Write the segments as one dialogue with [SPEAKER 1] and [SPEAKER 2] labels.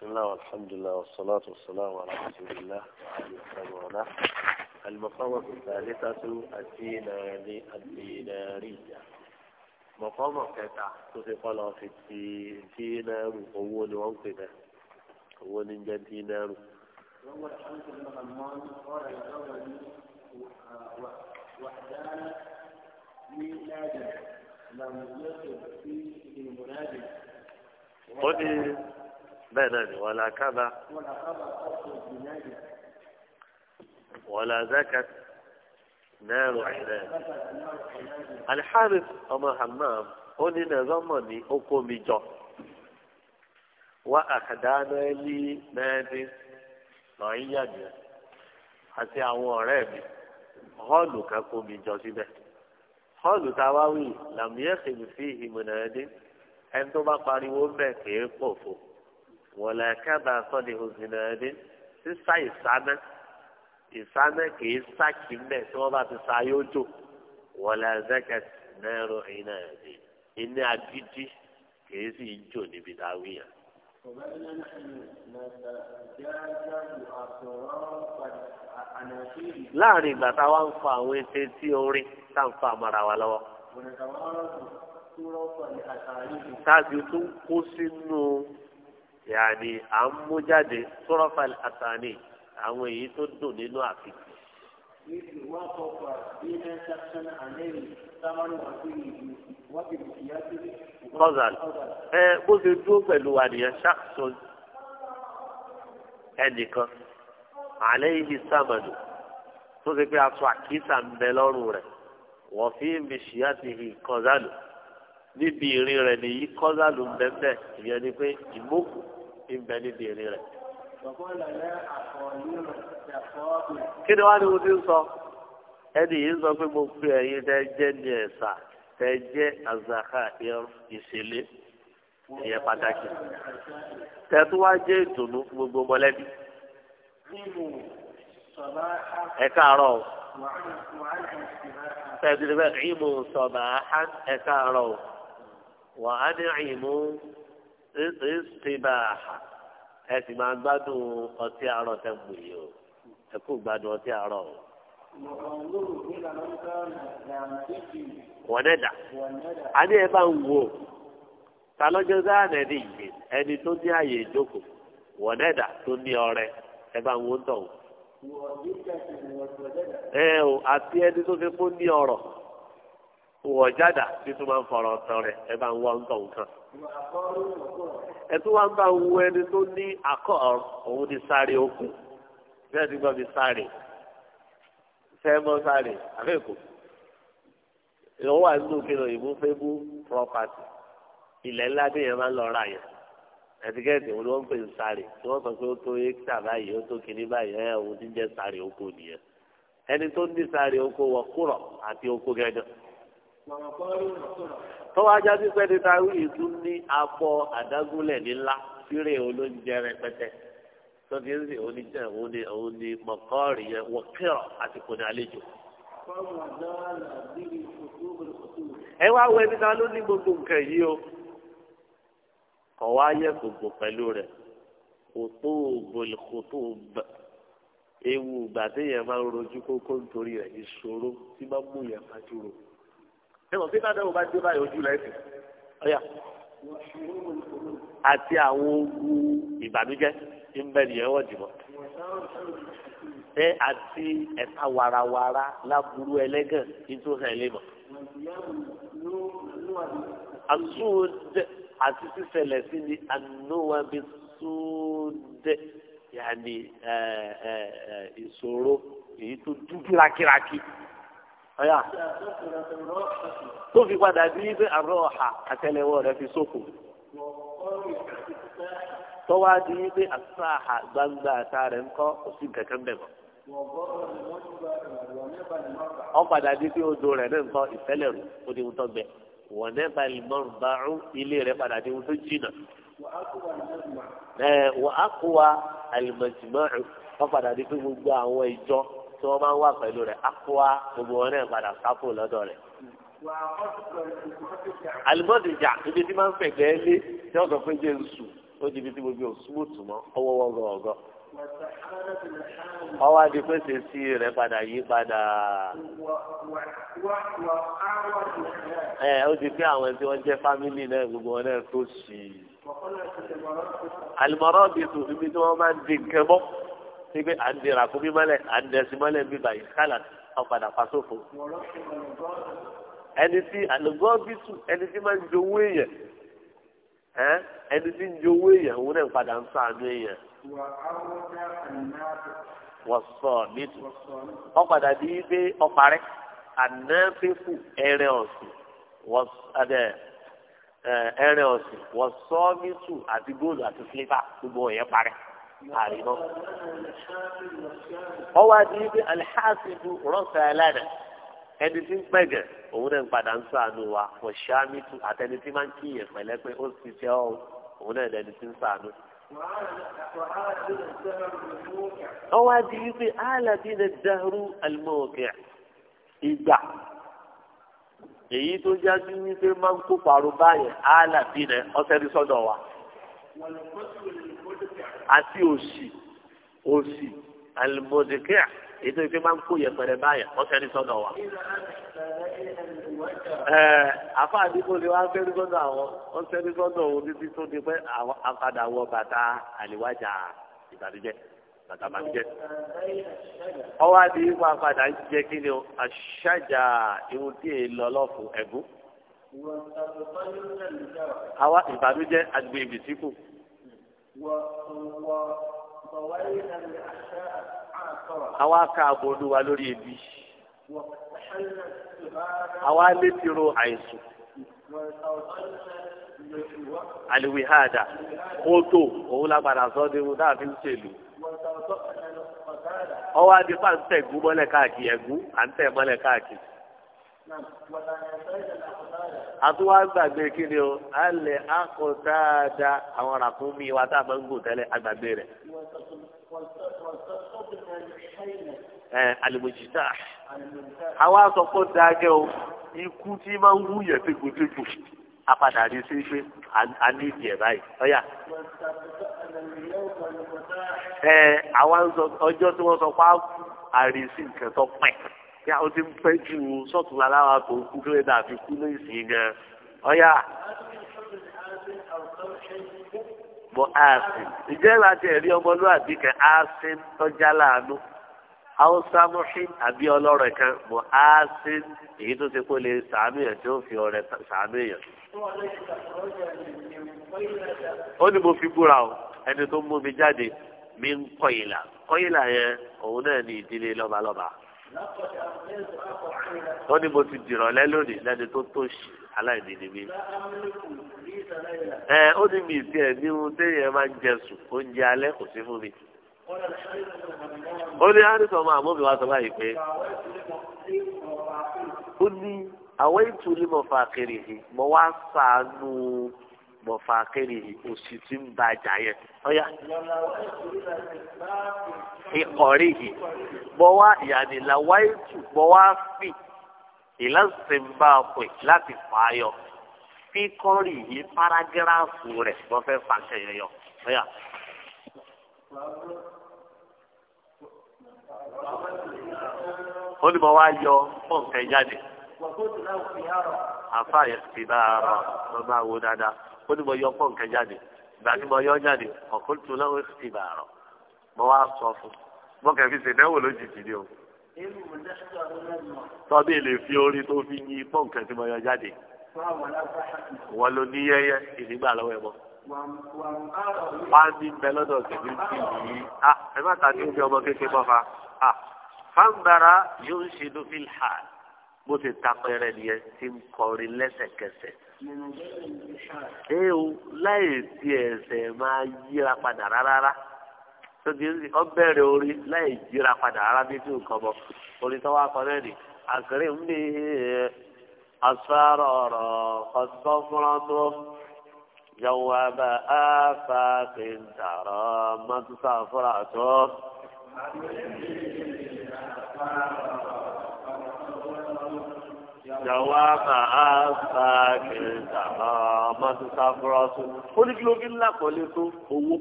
[SPEAKER 1] بسم الله والحمد لله والصلاة والسلام على رسول الله وعلى آله وصحبه وله الثالثة الديناري الدينارية مقام قطع تصف في الدينار هو الوقت هو ننجا دينار هو الحمد لله غمان قال الأول وحدانا من نادر لم يصب في المنادر قل bẹ́ẹ̀ náà ni wàlá kábà wàlá zakat náírà ìrẹ́ alḥarif ọmọ hammam ó ní nàzọ́mọ̀ ní oko mi jọ wá àkàdáná lé mẹ́rin náà ń yàgbé àti àwọn ọ̀rẹ́ mi họ́ọ̀lù kan kó mi jọ síbẹ̀ họ́ọ̀lù tá a wá wí làmúyẹ́sìn fi ìmọ̀nà ẹni ẹni tó bá pariwo ń bẹ̀ pọ̀ fún wọ̀lẹ̀ kábà sọ́ni òsìnà ẹni sísá ìsáná ìsáná kìí sá kì í tí wọ́n bá ti sa yóò jò wọ̀lẹ̀ zẹ́kẹ̀t náírà iná ẹ̀dín iná agídí kìí sì ń jò níbi dáwí yẹn. وبين نتجاوز láàrin ìgbà tá a wá ń fọ àwọn ẹsẹ tí orin tá ń fa àmàrà wa lọ́wọ́. tún kó sínú yàní à ń mú jáde sọ́rọ́fàlì àtàní àwọn èyí tó dùn nínú àfikún. مثل وافق بما شخصا عليه ثمن عقله وبمقياسه قزل bó ṣe dúró pẹ̀lú àníyàn ṣàkóso ẹnìkan àlẹ́yìn sàmàlù tó ṣe pé aṣọ àkísà ń bẹ lọ́rùn rẹ̀ wọ́n fi ń bí ṣíyá ti hì kọ́zálù níbi ìrì rẹ̀ nìyí kọ́lá ló ń bẹ́ẹ̀ ìyẹn ni pé ìmókù ń bẹ níbi ìrì rẹ̀. kí ni wàá ní ojú sọ ẹni yìí sọ pé mo pe ẹ̀yin tẹ́ jẹ́ ní ẹ̀sà tẹ́ jẹ́ azaka ìṣẹ̀lẹ̀ ìyẹn pàtàkì tẹ́ tó wá jẹ́ ìdùnnú gbogbo mọ́lẹ́bí ẹ káàárọ̀ o tẹ̀sílẹ̀ bẹ́ẹ̀ ìmọ̀ sọ̀bà ẹ káàárọ̀ o. وأنعموا الصباح ẹ sì máa gbádùn ọtí àárọ̀ tẹ́ mú yìí o ẹ kú gbádùn ọtí àárọ̀ o. wọ̀nẹ́dà a ní ẹ bá ń wo ta lọ́jọ́ sáànà ní ìyè ẹni tó ní ọrẹ bá wọ̀ jáda bí tó máa ń fọ̀rọ̀ ọ̀tàn rẹ̀ ẹ bá ń wá ń tọ̀ nǹkan. ẹ tún wá ń bá wo ẹni tó ní akọ òun ti sáré okùn bẹ́ẹ̀ ti gbọ́ mi sáré sẹ́mọ́ sáré àbẹ́ẹ̀kọ́ ìwọ́n wà nínú kí lóyìnbó fẹ́bú property ilẹ̀ ńlá tí yẹn máa ń lọ ra yẹn ẹtikẹ́tì wọn ni wọ́n ń pè ń sáré tí wọ́n sọ pé ó tó ékítà báyìí ó tó kinní báyìí ẹ̀ òun ti ń jẹ́ sáré oko nìyẹn ẹni tó ń ní sáré oko wọ kúrọ̀ àti oko gẹ́gẹ́ tọ́wọ́ ajá sí pẹ́ títa wíì tún ní abọ́ àdágúnlẹ̀ nílá fírè olóúnjẹ rẹpẹtẹ tọ́kì ń sìn oníjẹ òní òní mọ̀kọ́rì yẹn wọ̀kẹ́rọ̀ àti kòní àlejò. ẹ wá wọ ẹni náà ló ní gbogbo nǹkan yìí o kọ̀ wá yẹ gbogbo pẹ̀lú rẹ̀ kòtò ògbòlì kòtò ògbà ewu ìgbà téèyàn máa ń rojú kókó nítorí rẹ̀ ìṣòro tí máa ń mú yẹn fàdúró ẹ̀wọ̀n pé tádàwọ̀ bá dé báyìí ojú lẹ́sìn ọ̀yà àti àwọn ogun ìbànújẹ́ ń bẹ nìyẹn wọ́n dìbò ẹ àti ẹ̀ka warawara láburú ẹlẹ́gàn nítorí ẹ̀ lè mọ̀. àsúndẹ àti sísẹlẹ̀ sí ni ànúwàbí súndẹ yàní ìṣòro èyí tó dúdú rákírákí ọ̀yà tó fi padà sí pé àrò ọ̀hà àtẹ́lẹwọ́ rẹ̀ fi sóko tó wá di pé àtúnṣàhà gbangba àta rẹ̀ ńkọ́ kò sí kẹ̀kẹ́ ń bẹ̀ mọ́. ọ padà di pé odò rẹ̀ náà ńkọ́ ìfẹ́lẹ̀ rù ó di ohun gbẹ wọ̀n náà bá lè mọ́rùn bá rún ilé rẹ̀ padà di ohun jìnnà. wọ́n á kó wa àlùmọ̀jìmọ́ rẹ̀ wọ́n padà di pé gbogbo àwọn ìjọ tí wọ́n bá ń wà pẹ̀lú rẹ̀ akọ́wá gbogbo wọn náà padà sápò lọ́dọ̀ rẹ̀. alimọ́dìjà ibi tí máa ń fẹ̀gbẹ́ lé tí wọ́n sọ pé jẹ́ nsù ó di ibi tí gbogbo òsúmù tù mọ́ ọwọ́ wọ́gọ́ ọ̀gọ́. ọwọ́ adi pé sèṣì rẹ̀ padà yí padà. ẹ ó di pé àwọn tí wọ́n jẹ́ fámìlì náà gbogbo wọn náà tó sì. alimọ́rọ́ bìtù ibi tí wọ́n máa ń di nǹkan bọ́ pípé à ń di ràkúmí mọ́lẹ̀ à ń dẹ̀sí mọ́lẹ̀ bí báyìí kálà ọ̀ padà fa sófo. ẹni tí àlùgọ́bìtù ẹni tí máa ń jowó èèyàn ẹni tí ń jowó èèyàn òun náà padà ń sàánú èèyàn. wọ́n sọ nítù ọ padà bí pé ọparẹ́ ànáfẹ́fù ẹrẹ́ ọ̀sìn ẹrẹ́ ọ̀sìn wọ́n sọ nítù àti góòlù àti sílífà gbogbo ọ̀yẹ́ parẹ́ àrínà. ọwọ́ àti ibi alihasidu rọ́ọ̀sì aláàdá ẹni tí ń pẹ̀gẹ̀ òun náà ń padà ń ṣàánú wa wọ́n ṣáàmìtú àtẹni tí máa ń kíyè pẹ̀lẹ́ pé ó sì jẹ́ ọ́ òun náà lẹni tí ń ṣàánú. ọwọ́ àti ibi alàbí ni dàrú alimọ̀ọ́kẹ́ ìgbà èyí tó jáde wípé máa ń kó pàrọ̀ báyẹn alàbí ni ọ̀sẹ̀ ní sọ́dọ̀ wa àti òsì òsì àlùmọ̀dékẹ́à èyí tó yẹ pé máa ń kó yẹpẹrẹ báyà ọ̀sẹ̀ ní sọ́dọ̀ wa. afa àdìgbò ni wọ́n á fẹ́ ní sọ́dọ̀ àwọn ọ̀sẹ̀ ní sọ́dọ̀ òun títí tó di pé àpadà wọ bàtà àlìwájà ìbàdíjẹ́ bàtà bàdíjẹ́. ọwọ́ àti ipò àpadà ń jẹ́ kí ni àṣàjà irun tí èè lọ lọ́fù ẹ̀gún. àwa ìbàdíjẹ́ àgbègbè síkù. àwa ká aago ebi àwa létí ro àìsùn aliwihada kótó òun lágbàdà sọ dáàbí ń ṣèlú ọwọ́ adé ń tẹ̀ mọ́lẹ̀ káàkiri à ń tẹ̀ àtúwá gbàgbé kí ni o alẹ akọtaada àwọn ràkúnmí wa tá a máa ń gùn tẹ́lẹ̀ agbàgbé rẹ̀. ẹ alimujita àwa sọ pé o ikú tí máa ń wúyẹ̀ tégbòtégbò apadà pé a ní ìdí báyìí ọ̀yà. ẹ àwa ń sọ ọjọ́ tí wọ́n sọ pé a nǹkan tó Ya, ó ti pẹ́ ju sọ́tún aláwa tó kú tó lè dàbí kú ní ìsìn gan ọ̀yà bọ́ ààsìn ìjẹ́ láti ẹ̀rí ọmọlúwàbí kan ààsìn tọ́jà láàánú haúsá mọ́ṣín àbí ọlọ́rẹ̀ kan bọ́ ààsìn èyí tó ti kó lè sàánú yẹn tí ó fi ọrẹ sàánú yẹn. ó ní mo fi búra o ẹni tó mú mi jáde mi ń kọ́ ìlà kọ́ ìlà yẹn òun náà ní ìdílé lọ́balọ́ba. ó ní mo ti dìrọ̀ lẹ́ lónìí lẹ́ni tó tòṣì aláìní mi. ẹ ó ní mi ìdí ẹ̀ ní ohun téèyàn máa ń jẹ sùn oúnjẹ alẹ́ kò sí fún mi. ó ní harris ọmọ wa sọ báyìí pé ó ní àwọn ètò onímọ̀ yìí mo wá mọ̀fàkiri òsì tí ń ba àjà yẹn ọ̀yà ìkọ̀rí yìí bọ́ wá ìyànnìlá wáyé tù bọ́ wá fì ìlànsìnbàpọ̀ láti fà á yọ fíkọ́rì yìí párágíráfù rẹ̀ wọ́n fẹ́ fà kẹyọ yọ ọ̀yà. ó yọ fún jáde àfa yẹn ti bá a rọ lọ wo dáadáa ó ní mo yọ pọ̀ nǹkan jáde ìgbà tí mo yọ jáde ọ̀kọ́ tó lọ́wọ́ ti bà rọ̀ mo wá sọ fún mo kẹ́ fi ṣèdánwò lójijì ni o. tọ́bí lè fi orí tó fi yí pọ̀ nǹkan tí mo yọ jáde wọ́n ló ní yẹ́yẹ́ ìdígbà lọ́wọ́ ẹ̀ mọ́ fáńdì bẹ lọ́dọ̀ tẹ̀lé ti yìí a ah, ẹ má tàbí oúnjẹ ọmọ kékeré bọ́fà a ah, fáńbara yóò ṣe lófin hà bó ti tapẹ̀rẹ̀ nìyẹn ti ń kọrin lẹ́sẹ̀kẹsẹ̀. ẹ o láì sí ẹsẹ̀ máa yíra padà rárá tóbi ọ bẹrẹ orí láì yíra padà rárá bí tí nǹkan bọ̀ orí tó wá kọ ni ń bí asfárọ̀ ọ̀rọ̀ ọ̀sán fúnra tó. جواب آفاق jàwáàbà àbá kẹta mọ́tòtà fúrọ́sù ó ní kí ló ń gbin lápọ̀lé tó owó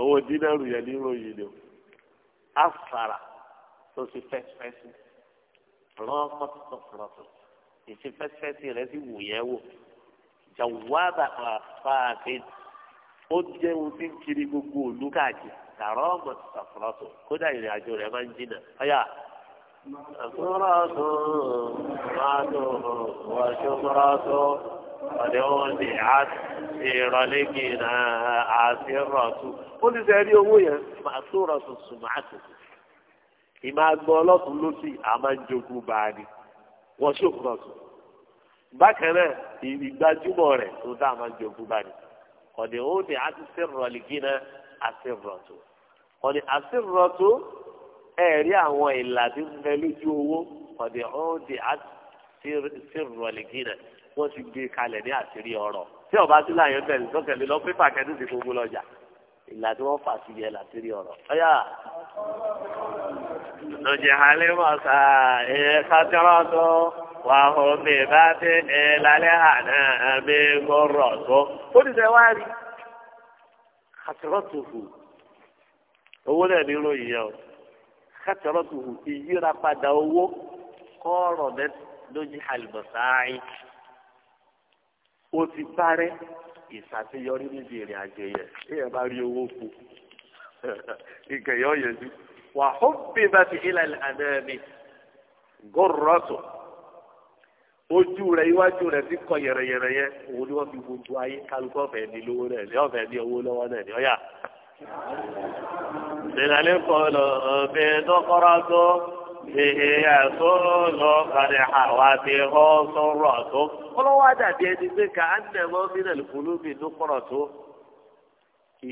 [SPEAKER 1] owó dínárù yẹn ní ìròyìn ni o àfàrà tó ti fẹ́sifẹ́sì rán mọ́tòtà fúrọ́sù ìṣe fẹ́sifẹ́sì rẹ̀ sì wù yẹn wò jàwáàbà àbá kẹta ó jẹ́ ohun tí ń kiri gbogbo òlú káàkiri tààrọ́ mọ́tòtà fúrọ́sù kódà ìrìn àjò rẹ̀ máa ń jìnnà صراط معته وشبرة قد وضعت في رلقنا عسرة قل سألي أمويا مأثورة سمعته ìmọ̀ agbọ́ ọlọ́tún ló sì a máa ń jogún bá a ní wọ́n ṣòkùnrọ̀ tó bákan náà ìgbàjúmọ̀ rẹ̀ tó dá a máa ń jogún bá a ní ọ̀dẹ̀ ó ní a ti sẹ́rọ̀ lìgínà àti rọ̀ ọ̀dẹ̀ àti rọ̀ ẹ̀rí àwọn ìlà tí ń bẹ lójú owó ọ̀dẹ̀ ọ̀dẹ̀ àtìrọ̀lẹ̀gìnà wọ́n ti gbé kalẹ̀ ní àṣírí ọ̀rọ̀ tí ọba tí láàyè bẹ̀rẹ̀ sọ́kẹ̀lẹ̀ lọ pépà kẹ́tù ti gbogbo lọ́jà ìlà tí wọ́n fà sí yẹ làṣírí ọ̀rọ̀ ọ̀yà. lọ́jẹ̀ alẹ́ mọ̀ ẹ̀ kátẹ́rọ̀ wà hó mi bá ti ẹ̀ lálẹ́ àná mi gbọ́rọ̀ tó. ó ti sẹ́ wá rí kátẹ́rọ̀ tó owó náà ní kátàrọ́tùhù ìyíra padà owó kọ́ọ̀rọ̀ bẹ́ẹ̀ lójú àlùbọ̀sáàyìn ó ti parẹ́ ìṣàṣeyọrí níbi ìrìn àjò yẹn èèyàn bá rí owó kù nǹkan yẹn wà ó bí bá ti ilẹ̀ àdẹ́rẹ́mi gòròtò ojú rẹ̀ iwájú rẹ̀ ti kọ yẹ̀rẹ̀yẹ̀rẹ̀ yẹn òun ni wọ́n fi gbogbo ayé kálukọ́ fẹ̀ẹ́ ní lówó náà ní ọ̀fẹ́ ní owó lọ́wọ́ náà ní ọ̀yà. بلال قولوا بدقرته Èhè àtúrò lọ kàdé àwọn àti ọ sọ̀rọ̀ àtó. Kọ́lọ́wọ́ àdàbí ẹni pé ká á nà mọ́ mí nàlù kúlúbì ló kọ̀rọ̀ tó.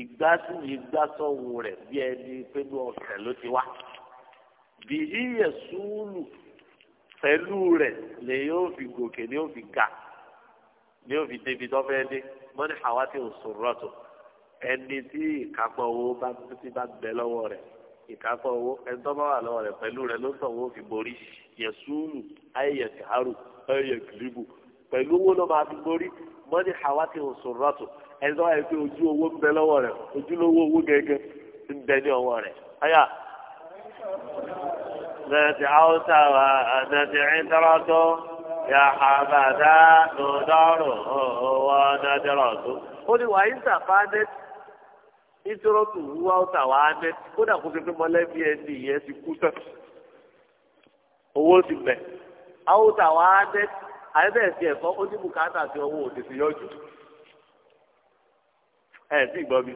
[SPEAKER 1] Ìgbà sí ìgbà sọ̀wọ́ rẹ̀ bí ẹni pé ní ọ̀sẹ̀ ló ti wá. Bìhí yẹ súúlù pẹ̀lú rẹ̀ lè yóò fi gòkè ni yóò fi ga ni yóò fi débi tó fẹ́ dé. Mọ́ni àwa ti ò sọ̀rọ̀ àtó ẹni tí ìkápọ̀ owó bá ti bá gbẹ lọ́wọ́ rẹ̀ ìkápọ̀ owó ẹni tó bá wà lọ́wọ́ rẹ̀ pẹ̀lú rẹ̀ ló sọ owó fi borí yẹ̀súùmù ayẹyẹ kàárù ayẹyẹ kìlíbù pẹ̀lú owó ló máa fi borí mọ́ni hawati osurọ́tù ẹni tó wà yẹ pé ojú owó ń bẹ lọ́wọ́ rẹ̀ ojúlówó owó gẹ́gẹ́ ń bẹ ní ọwọ́ rẹ̀ ayà ذات عوسى وذات عسرة يا حبذا ندره وندرته قل وإن سقطت nítorí tó wúwá ó tà wá ánẹ́ kódà kó pépé mọ́lẹ́bí ẹni ìyẹn ti kú tán owó ti bẹ̀ àwọn tà wá ánẹ́ àyẹ́bẹ̀ẹ́ ti ẹ̀kọ́ ó ní bùkátà òde ti yọjú sì mi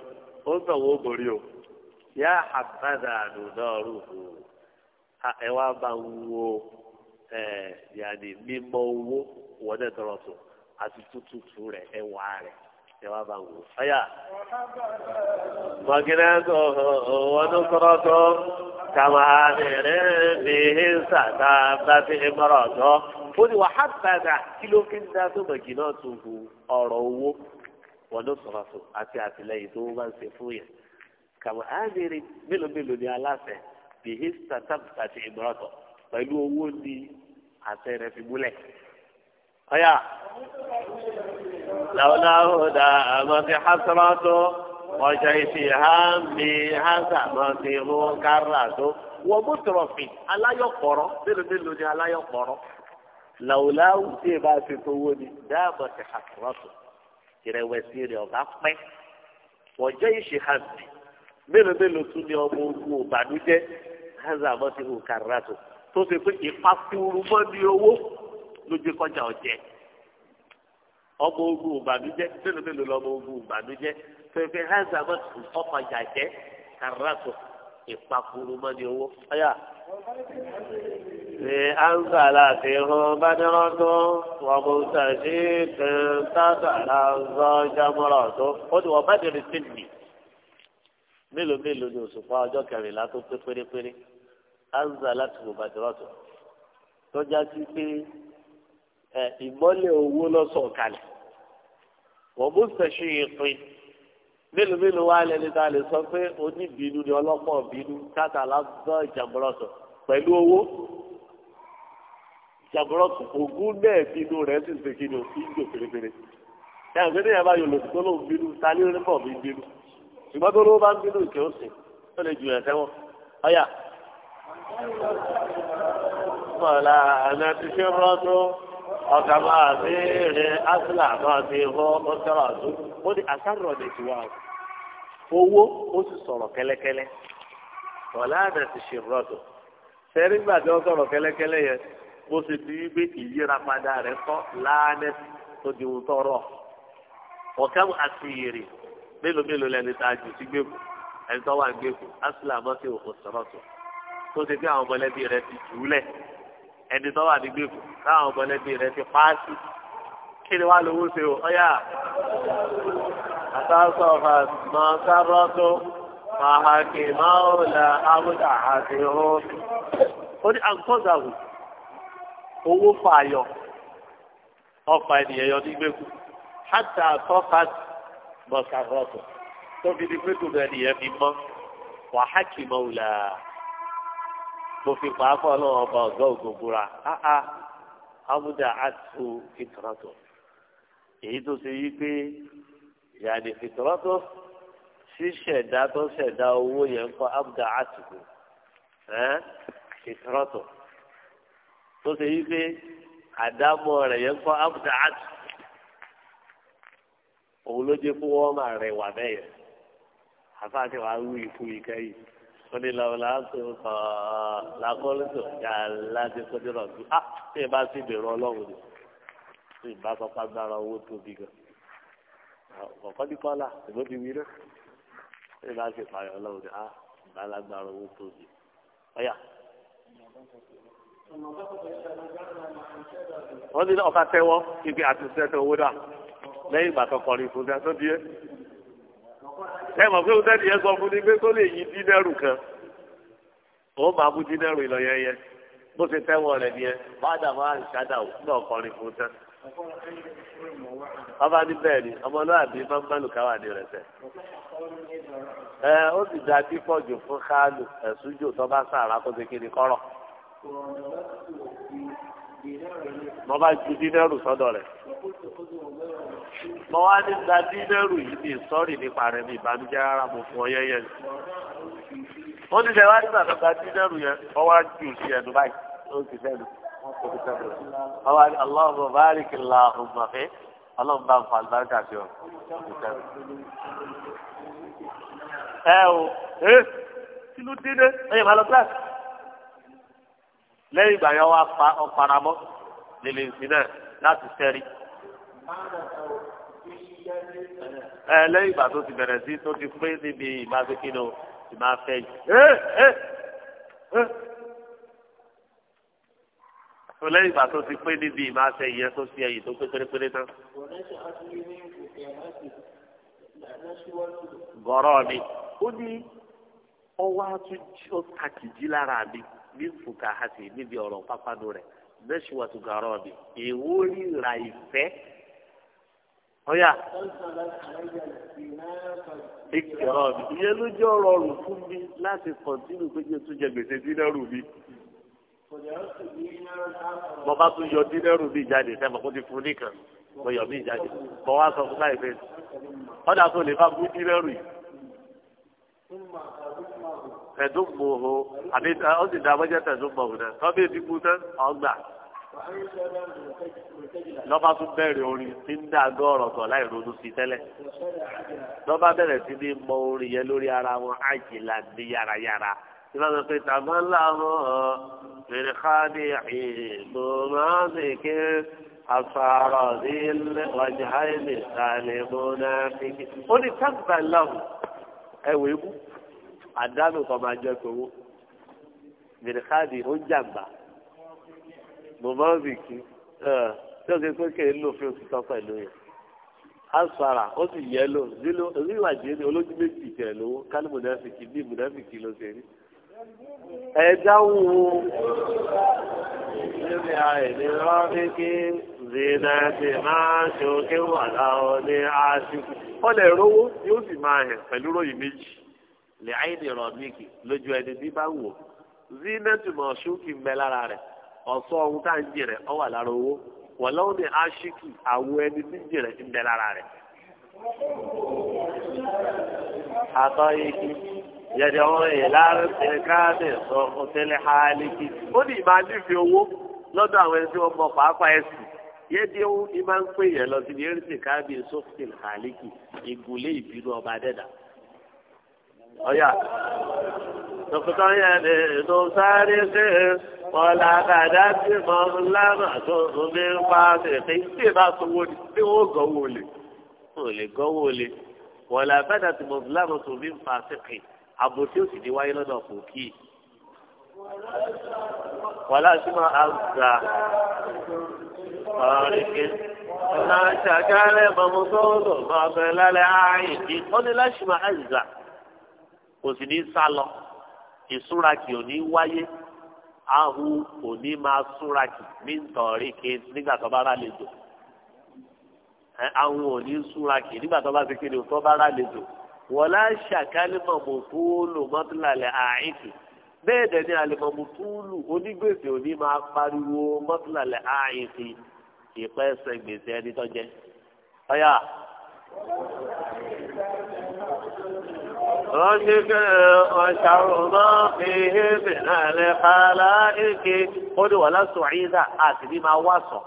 [SPEAKER 1] ó ń o yá àbádà o ẹ wá bá ń wo ẹ yàní mímọ owó wọlé ẹwà bá wò ọyà mọ̀gínẹ́tò ọ̀nùkúrọ́tò kàmá rẹ̀ bìí sàtà bàtì ìmọ̀rọ̀tò ó ní wàhá bàtà kí ló fi ń dá tó mọ̀gínẹ́tò bu ọ̀rọ̀ owó ọ̀nùkúrọ́tò àti àtìlẹyìn tó máa ń ṣe fún yẹn kàmá rẹ̀ mélòó mélòó ni aláṣẹ bìí sàtà bàtì ìmọ̀rọ̀tò pẹ̀lú owó ni àtẹ̀rẹ̀ fi múlẹ̀ ọyà. لولا هدى أمك حسرة وشيف همي حسنة مكرة ومترفي ألا يقرأ بلو بلو ألا يقرأ lawula wùdí bá a ti fowó ni dáàbò ti hàkìrọ́tò ìrẹ̀wẹ̀sì rẹ̀ ọ̀gá pẹ́ wọ́jọ́ ìṣe hàbì mélòó mélòó tún ní ọmọ ogun òbànújẹ́ hansa bọ́ ti hù kàràtò tó ṣe pé ìpakúrú mọ́ ní owó lójú kọjá ọ̀jẹ̀ ọmọ ogun ìbànújẹ́ mélòó mélòó lọmọ ogun ìbànújẹ́ fẹfẹ hansa mọ ọfàjà jẹ kàràtò ìpakuru mọ ní owó. ṣe hansa láti hàn bádẹ́rán tó wọn kò sàṣì kẹntàtà lásán jámọ́rà tó ó ti wọ́n bá dẹ̀rẹ̀ sí mi. mélòó mélòó ni òṣùpá ọjọ́ kẹrìnlá tó pé pérépéré hansa láti hàn bádẹ́rán tó tọ́já sí pé ìmọ́lẹ̀ owó lọ́sọ̀ kalẹ̀ wọ́n mú sẹ̀sìn ìpín mélòó mélòó wá lẹni tá a lè sọ pé oníbínú ni ọlọ́pọ̀ bínú káta lásán ìjàmbọ̀rọ̀sọ̀ pẹ̀lú owó ìjàmbọ̀rọ̀sọ̀ ogún náà bínú rẹ̀ sì ṣe kíni ìjò pérépéré ẹ ò gbẹ́dẹ́ yẹn bá yòlò tó lóun bínú ta ní onímọ̀ mi bínú ṣùgbọ́n tó lówó bá ń bínú ìkẹ́ òsè tó lè jù ẹ̀ sẹ́wọ̀n ọ̀yà. mọ̀lá àná ti ṣe rọ́ọ̀tún ọ̀kà máa béèrè asílà náà ti hó ó sọ̀rọ̀ tó ó ní àṣàrò ọ̀dẹ̀ ti wá o owó ó sì sọ̀rọ̀ kẹ́lẹ́kẹ́lẹ́ ọ̀la àdà ti ṣe rọ̀dọ̀ sẹ́rí gbà tí wọ́n sọ̀rọ̀ kẹ́lẹ́kẹ́lẹ́ yẹn bó ṣe ti wí pé ìyíra padà rẹ̀ kọ́ láàánẹ́ tó di ohun tọrọ ọ̀kà àti ìrì mélòó mélòó lẹni tá a jù sí gbèkú ẹni tó wà gbèkú asílà náà ti hó sọ̀rọ̀ tó ti gbé àwọn ọmọlẹ́bí ẹni tó wà ní gbèkú táwọn mọ̀lẹ́bí rẹ̀ ti paasi kí ni wàá lówó ṣe o ọ̀yà àtàkọ̀fà mọ̀ọ́sárọ́tò màhàkì máòlà àbúdà àti òun. ó ní àǹkọ́gàwò owó fààyọ̀ ọ̀pá ènìyàn yọ ní gbèkú hàtà àtọ́fà mọ̀ọ́sárọ́tò tóbi ní gbèkú rẹ̀ nìyẹn fi mọ́ wàhàkì máòlà. mo fi pàápọ̀ lọ́wọ́ ọba ọ̀gá ògógó ra áá amúdà àtú èyí tó ṣe yí pé yàdì fìtọ́rọ́tò ṣíṣẹ̀dá tó ṣẹ̀dá owó yẹn kọ́ amúdà àtúkù fìtọ́rọ́tò tó ṣe yí pé àdámọ́ rẹ̀ yẹn kọ́ ya àtúkù òun ló jẹ́ kó wọ́n máa rẹwà bẹ́ẹ̀ yẹn wàá rú ikú ó ní lọ́wọ́lá tó kọ́ làkọ́lùtò yàrá ti kó dé rọ̀bì á tí ì bá sì bèrè ọlọ́run ni tí ì bá sọ pé agbára owó tóbi gan ọ̀kọ́ ní kọ́là ìbò ti wí náà tí ì bá sì parí ọlọ́run ni á ah, ìbá lágbára owó tóbi ọ̀yà. wọ́n ní ọ̀ka tẹ́wọ́ ibi àti sẹ́tọ̀ owó dà lẹ́yìn ìgbà tó kọrin fún mi àtúndíyẹ ẹ mọ̀ pé òtẹ́ẹ̀lì yẹn sọ fún mi pé tó lè yí dínẹ́rù kan òun máa mú dínẹ́rù ìlọ yẹn yẹn bó ṣe tẹ́wọ́ rẹ̀ nìyẹn bàdà máa ń ṣáda ò náà kọrin fún tẹ́. ọba ní bẹ́ẹ̀ ni ọmọlúwàbí máa ń mẹ́lù káwádìí rẹ̀ tẹ̀. ẹ ó sì da pípọ̀ jù fún káàlù ẹ̀sùn jù tó bá sàrà kó ṣe kí ni kọ́rọ̀. mo bá ju dínẹ́rù sọ́dọ̀ rẹ̀ mo wá ní gba dínẹ́rù yìí ní sọ́ọ̀rì nípa rẹ̀ ní ìbànújẹ́ rárá mo fún ọ yẹ́yẹ́ ni. wọ́n ti sẹ́wá nígbà tó gba dínẹ́rù yẹn wọ́n wá jù sí ẹnu báyìí ó ti sẹ́nu wọ́n wá ní aláwọ̀ báàrí kìlá ọ̀gbọ̀fẹ́ ọlọ́run bá ń fa àlùbáríkà sí ọ ẹ o ẹ kí ló dé dé ẹ yẹ máa lọ kíláàsì lẹ́yìn ìgbà yẹn wá pa ọ̀paramọ́ lèlè ìsìn náà láti sẹ́rí ẹ lẹ́yìn ìgbà tó ti bẹ̀rẹ̀ sí tó ti pé níbi ìbáṣekínú ìbá fẹ́ yìí. tó lẹ́yìn ìgbà tó ti pé níbi ìbá fẹ́ yìí yẹn tó sí ẹ̀yìn tó pé pérépéré tán. gọ́rọ́ mi ó ní ọwọ́ àtúntò kàkìjì lára mi ní fùkà àti níbi ọ̀rọ̀ pápánu rẹ̀ mẹ́sùwàtú gọ́rọ́ mi èwo ríra ìfẹ́ ọ̀yà ìkẹrọ mi ìyẹn ló jẹ́ ọ̀rọ̀ ọ̀rùn fún mi láti kọ̀ntínú pé kí n tún jẹ gbèsè dínẹ́rù mi. mo bá tún yọ dínẹ́rù mi jáde sẹ́mi kó ti fún nìkan mo yọ mí jáde mo wá sọ fún láìpẹ́ ọ̀dà tó lè bá bú dínẹ́rù yìí. ẹ̀dùn mòho àbí ọ̀sìn dàbọ̀jẹ́ tẹ̀sùn mòho náà tọ́bí ìdíkù tán ọgbà lọ́ba tún bẹ̀rẹ̀ orin tí ń dá gọ́ọ̀rọ̀ tọ̀ láì ronú sí tẹ́lẹ̀ lọ́ba bẹ̀rẹ̀ sí ní mọ orin yẹn lórí ara wọn àjìlá ní yàrá-yàrá tí wọ́n sọ pé tàbá ńlá wọn fèrè káàdì ìlú máa ń ké àfàrọ̀ ní wàjà àìní sàlẹ̀ mọ́nà fìkì. ó ní tábìlì aláwọ̀ ẹ̀wẹ̀ ibú àdánù kan máa jẹ́ tòwó fèrè káàdì ó jàǹbá mọ̀mọ́sìkì eh, tí ó ṣe pé kéè lò fún oṣù tán pẹ̀lú yẹn asara ó sì yẹ lò zílò oníwàjẹ ni olójú méjì tẹ̀ lówó kálí mọ̀nàfìkì bí mọ̀nàfìkì ló ṣe rí. ẹ̀dá wo níbi àìlera kéke zina ti máa ṣòkè wà láwọn ní aṣíkú. ó lè rówó yóò sì máa hẹ̀ pẹ̀lú ròyìn méjì lè àìní rọ̀ míìkì lójú ẹni bí bá wò zina ti mọ̀ ṣúkì ń bẹ lára rẹ̀. ọ̀sọ́ ohun tá à ń jèrè ọ wà lára owó wọ́n lọ́wọ́ ní aṣíkì ẹni tí ń jèrè ń bẹ lára rẹ̀. àtọ́ igi yẹ̀dẹ̀ ọ̀rọ̀ yẹn láàrín ẹ̀káàdì sọ haaliki ó ní owó lọ́dọ̀ àwọn ẹni tí wọ́n mọ pàápàá ẹ̀sìn ohun ni máa ń pè yẹn lọ sí ní eré sèkáàbì ìbínú ọba dẹ́dà. ọ̀yà yẹn Ọ̀la àdá tí mo ń lámà tó ń bí ń pa àtẹ̀tẹ̀ tí èèbá sanwó ni tí wọ́n gọ́wọ́ lè. Wọ́n lè gọ́wọ́ lè. Ọ̀la àbẹ́dà tí mo ń lámà tó ń bí ń pa àtẹ̀tẹ̀ àbò tí ó sì di wáyé lọ́dọ̀ kò kí. Wàhálà sí máa ń gbà ọ̀rẹ́kẹ́. Ọ̀la ṣàkárẹ̀ mọ̀mọ́ sọ́wọ́dọ̀ máa bẹ̀ lálẹ́ àìdí. Ó ní láṣìmọ̀ àìzà kò sì ní sálọ. Ìsúra kì ò ní wáyé ahu kò ní máa súnra jù mí ń tọ̀rí ké nígbà tó bá rálejò àwọn ò ní súnra kì nígbà tó bá ti kéde tó bá rálejò wọ́n lá ṣàkálìmọ̀ mọ̀túùlù mọ́tìlálẹ̀ àìkì bẹ́ẹ̀ dẹ̀ ni àlìmọ̀ mọ̀túùlù onígbèsè ò ní máa pariwo mọ́tìlálẹ̀ àìkì ìpẹ́ ẹsẹ̀ gbèsè ẹni tó ọ̀yà. رشك وشرما فيه من الخلائق قل ولا سعيدة آتني ما وصف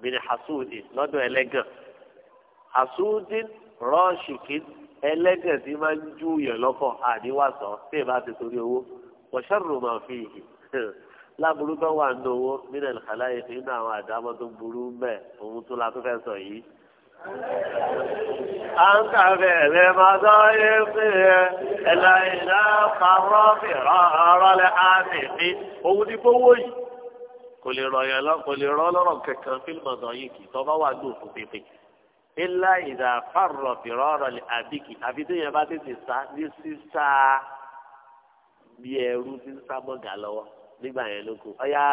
[SPEAKER 1] من حسود لدو إليك حسود راشك ẹlẹ́gẹ̀ tí máa ń ju yàn lọ́kọ̀ àdíwàsán tí ì bá ti torí owó wọ̀ṣẹ́rù máa fi hì láburú bá wà nínú owó nínú ìkàlàyé nínú àwọn àdámọ́ tó burú bẹ́ẹ̀ òun tó la tó fẹ́ sọ yìí أنت بالمضاي إلينا قر فرار الحاسق أودي بوي كل راي لا كل راي لا كان في المضاي كي طبعا وعدو فبيبي إلا إذا قر فرار الأبيك أبيتي يباتي تسا نسيسا بيرو تسا مغالوا nígbà yẹn ló kù ọyá.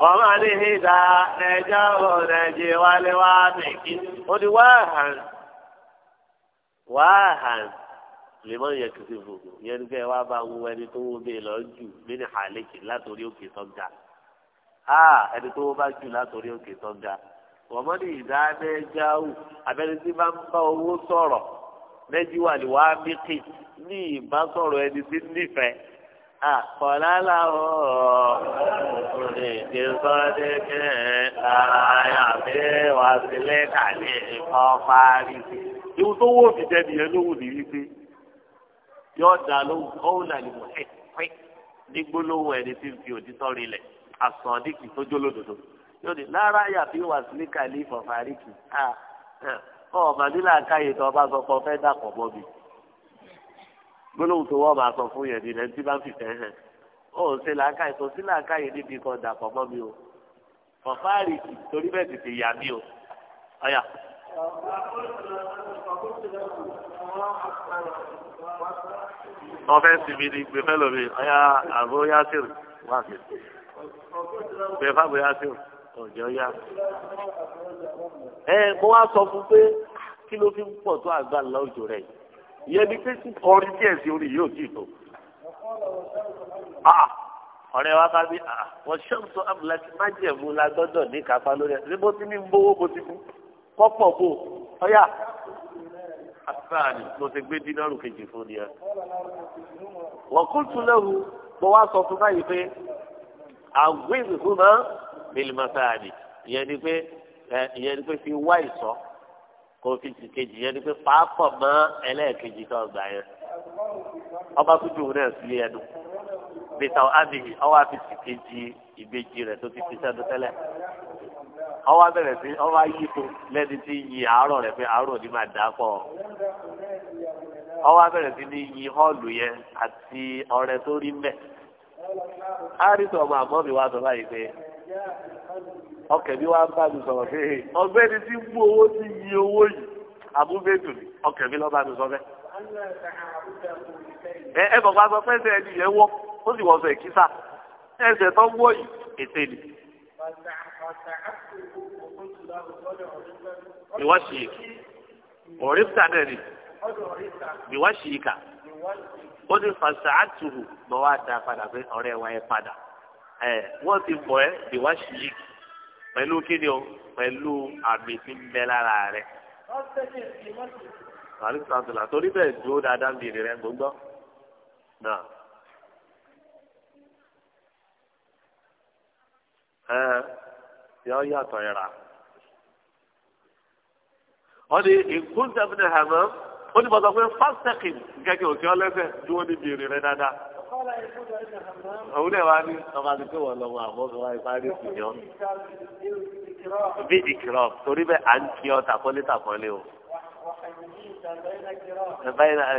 [SPEAKER 1] وما به ذا نجاه نجي والوامك ودي واهن واهن lèmọ yẹ kìsì fún un yẹn nígbà wàá bá wo ẹni tó wọ bẹ́ẹ̀ lọ jù nínú àlékì látòrí òkè tó ń ga a ẹni tó wọ bá jù látòrí òkè tó ń ga wọmọ ní ìdánẹjáwù abẹni tí bá ń bá owó sọ̀rọ̀ nẹjíwàlì wàá mí kì ní ìbá sọ̀rọ̀ ẹni tí nífẹ̀ẹ́ àkọlálà ọ̀ òní ti sọ́dẹ́kẹ́ ara yàgbé wá sílẹ̀ kàlẹ́ ìkọ́ parí. Ibu tó wó fi jẹ́ nìyẹn lóhùn ní wípé yóò dá lóhùn ọ̀hún náà ni mo ẹ̀ pẹ́ ní gbólóhùn ẹni tí ń fi òtítọ́ rinlẹ̀ àsọ̀díkì tó jó lódodo. Yóò ní lára yàgbé wá sílẹ̀ kàlẹ́ ìfọ̀fàríkì. Ọ̀ màdílà káyè tó ọba sọ pé ọ fẹ́ dàpọ̀ mọ́ mi gbólóhùn tó wọ́n máa sọ fún yẹn nílẹ̀ tí bá ń fìfẹ́ hàn ó ń ṣe làákàyè tó sí làákàyè níbi kan dàpọ̀ mọ́ mi o fọ̀fáàrì torí bẹ́ẹ̀ tètè yà mí o wọ́n fẹ́ sinmi ni gbé fẹ́ lómi ọ̀yà àbó yásìrì wà sí gbé fábò yásìrì ọ̀jọ́ yá. ẹ mo wá sọ fún pé kí ló fi ń pọ̀ tó àgbà ńlá rẹ̀ yìí ìyẹn ni pé kọrin díẹ̀ sí orin yóò tì tó. Ah, ọ̀rẹ́ wa bá bí ah, wọ́n ṣọ́ọ̀tún amúláti májẹ̀mú la gbọ́dọ̀ ní kápá lórí ẹ̀ ṣé bó ti ní gbówó bó ti kú kọ́pọ̀ bò ọ̀yà asaani mo ti gbé dínárù kejì fún ni wọ́n kún tún lẹ́hu mo wá sọ fún báyìí pé àgbéyìí fún náà mílíọ̀nù ìyẹn ni pé ìyẹn ni pé fi wá ìsọ́. kó fi kejì yẹn ni pé pàápọ̀ mọ́ ẹlẹ́ẹ̀kejì tó gbà yẹn ọba kújú òun náà sílé ẹnu bíta ábìyí ọwọ́ kejì ìbejì rẹ̀ tó ti fi sẹ́nu tẹ́lẹ̀ ọwọ́ abẹ́rẹ́ sí ọwọ́ ayípo lẹ́ni tí àárọ̀ rẹ̀ pé àárọ̀ ni máa dà pọ̀ ọwọ́ abẹ́rẹ́ sí yẹn àti ọkẹ́ bí wàá bá mi sọ̀rọ̀ ṣe é ọgbẹ́ni tí mú owó ti yí owó yìí abúgbẹ́dùn ni ọkẹ́ bí lọ́ọ́ bá mi sọ bẹ́ẹ̀. ẹ ẹ bọ̀ pàṣẹ pẹ́sẹ̀ ẹni yẹn wọ́ ó sì wọ́n sọ ìkísà ẹsẹ̀ tó wọ́ yìí ètè ni. ìwọ́ ṣì í òrìṣà náà ni ìwọ́ ṣì í kà ó ní fàṣà àtùrù mọ́ wá dá padà pé ọ̀rẹ́ wa yẹn padà wọ́n ti bọ̀ ẹ́ ìwọ́ ṣì í kì pẹ̀lú kíni o pẹ̀lú àmì tí ń bẹ lára rẹ̀. àrí sàtúlà torí bẹ́ẹ̀ dúró dáadáa ń bìrì rẹ̀ gbọ́ngbọ́n náà. ẹ yọ yàtọ̀ ẹ̀rà. wọ́n ní ìkúnṣẹ́ fún ẹ̀hàmọ́ ó ní bọ́sọ̀ pé fásitẹ́kì kẹ́kẹ́ òsì ọlẹ́sẹ̀ dúró níbi ìrìn rẹ̀ dáadáa òun náà wá ní ọba tó pé wọ́n lọ́wọ́ àbọ̀ tó wá ipá rí ìyọ́ bí ìkìlọ̀ torí bẹ́ẹ̀ à ń kí ọ tàkọ́lé tàkọ́lé o.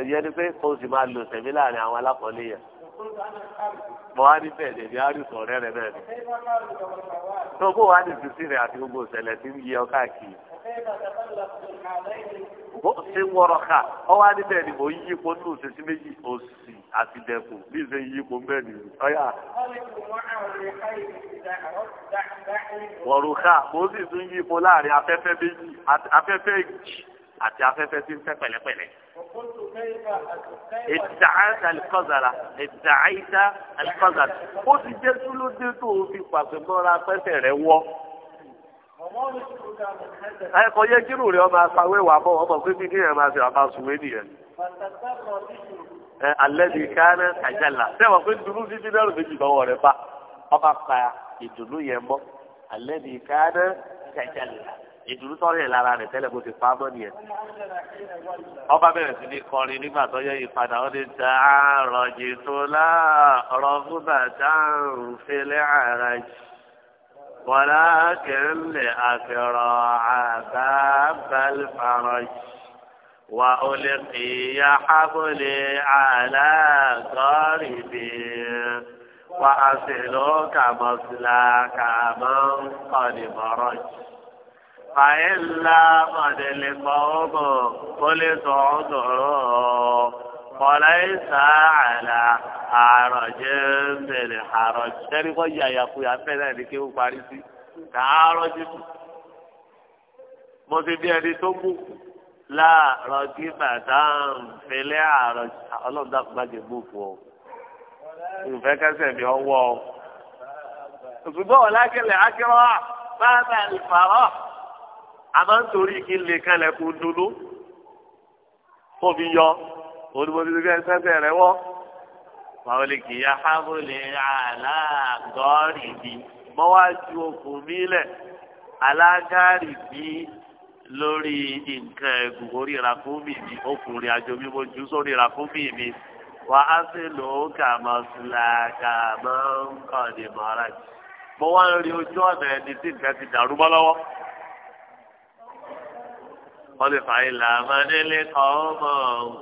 [SPEAKER 1] ìyẹn ni pé kó o sì máa lò sẹ̀mí láàrin àwọn alákọ̀ọ́lé yẹn mọ wá ní bẹ́ẹ̀ lèmi àrùsọ rẹ rẹ bẹ́ẹ̀ ni tó bó wá ní sísí rẹ àti gbogbo ìṣẹ̀lẹ̀ tí ń yí ọ káàkiri bó ṣe ń wọrọ ká ọwọ adébẹ ni mò ń yí ipò nínú òṣèṣì méjì òsì àti dẹkùn bí ìṣe yí ipò bẹ́ẹ̀ ni ọyà. wọ̀rùká mo sì tún yí ipò láàrin afẹ́fẹ́ méjì afẹ́fẹ́ jì àti afẹ́fẹ́ tí ń fẹ́ pẹ̀lẹ́pẹ̀lẹ́. ìdáhàtà alikọ́zara ìdáhàtà alikọ́zara ó ti jẹ́ túlódé tó o fi pàṣẹ mọ́ra afẹ́fẹ́ rẹ wọ́ ẹ kọ yẹ kírù rẹ ọmọ afáwé wà bọ ọmọ pé bíi kéèyàn máa fi àbá sùnwé nìyẹn. ẹ alẹ́ bíi káná àjàlá sẹ́wọ̀n pé dunu títí náà lóbi jùlọ wọ̀ rẹ bá ọba pa ìdùnnú yẹn mọ́ alẹ́ bíi káná àjàlá ìdùnnú tọ́rọ yẹn lára rẹ̀ tẹ́lẹ̀ bó ti pa mọ́ nìyẹn. ọba bẹ̀rẹ̀ sí ní kọrin nígbà tó yẹ ìpadà ó ní ta àròjì tó lá ọ̀rọ̀ fúnbà ń fẹlẹ́ ولكن لأفرع باب الفرج وألقي حبلي على قاربي وأصلك مسلاك من قد مرج فإلا قد القوم قل تعذروا وليس على حرج من حرج تاني قوي يا أخوي أفنى لكي أفارسي كحرج mo ti bí ẹni tó mú láàárọ̀ kí bàtà ń fẹlẹ́ àárọ̀ ọlọ́run dákun bá jẹ bú fún ọ. ìfẹ́ kẹsẹ̀ mi ọwọ́ ọ. ṣùgbọ́n ọ̀làkẹlẹ̀ akẹ́rọ̀ bàtà ìfàrọ̀ àmọ́ nítorí kí n lè kalẹ̀ kó dúró kó fi yọ olùbọ̀dé bẹ́ẹ̀ sẹ́sẹ̀ rẹ wọ́ màá lè kì í ya hábùlẹ̀ aláàgọ́rì bí mọ́ wá ju okùn mi lẹ̀ alágàrì bí lórí nǹkan ẹ̀gùn orí ìràkúnmí mi okùnrin àjò mi mo jù sórí ìràkúnmí mi wà á sì lò ó kà mọ́ sílá kà mọ́ ń kàn mọ́ra mo wá ń rí ojú ọ̀nà ẹni tí nǹkan ti dàrú mọ́ lọ́wọ́ kọ́lé fàáyé làmánélé kọ́ọ̀mọ̀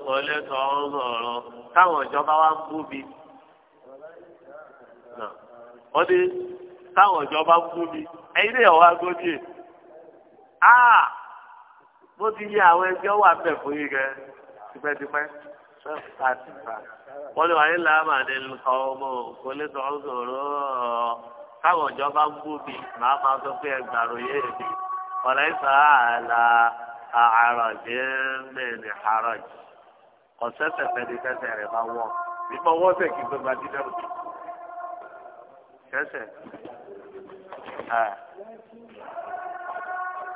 [SPEAKER 1] kọ́lé kọ́ọ̀mọ̀ ọ̀rọ̀ táwọn ìjọba wa ń búbi. wọ́n ní táwọn ìjọba ń búbi ẹ̀yin ní ìyàwó agódì ẹ̀ bó ti yẹ àwọn ẹgbẹ́ wà bẹ̀ fún yín gẹ́ tipẹ́tipẹ́ wọ́n ní wàáyé làmánélé kọ́ọ̀mọ̀ kọ́lé kọ́ọ̀mọ̀ ọ̀rọ̀ táwọn ìjọba ń búbi màá máa sọ pé ẹgbàá ròyìn ọ̀rẹ́ sàá àràjẹ mẹ́rin àràj ọ̀sẹ̀sẹ̀ fẹ́ni fẹ́sẹ̀ rẹ̀ máa wọ̀ nípa wọ́sẹ̀ kí gbogbo adídàmù sẹ́sẹ̀.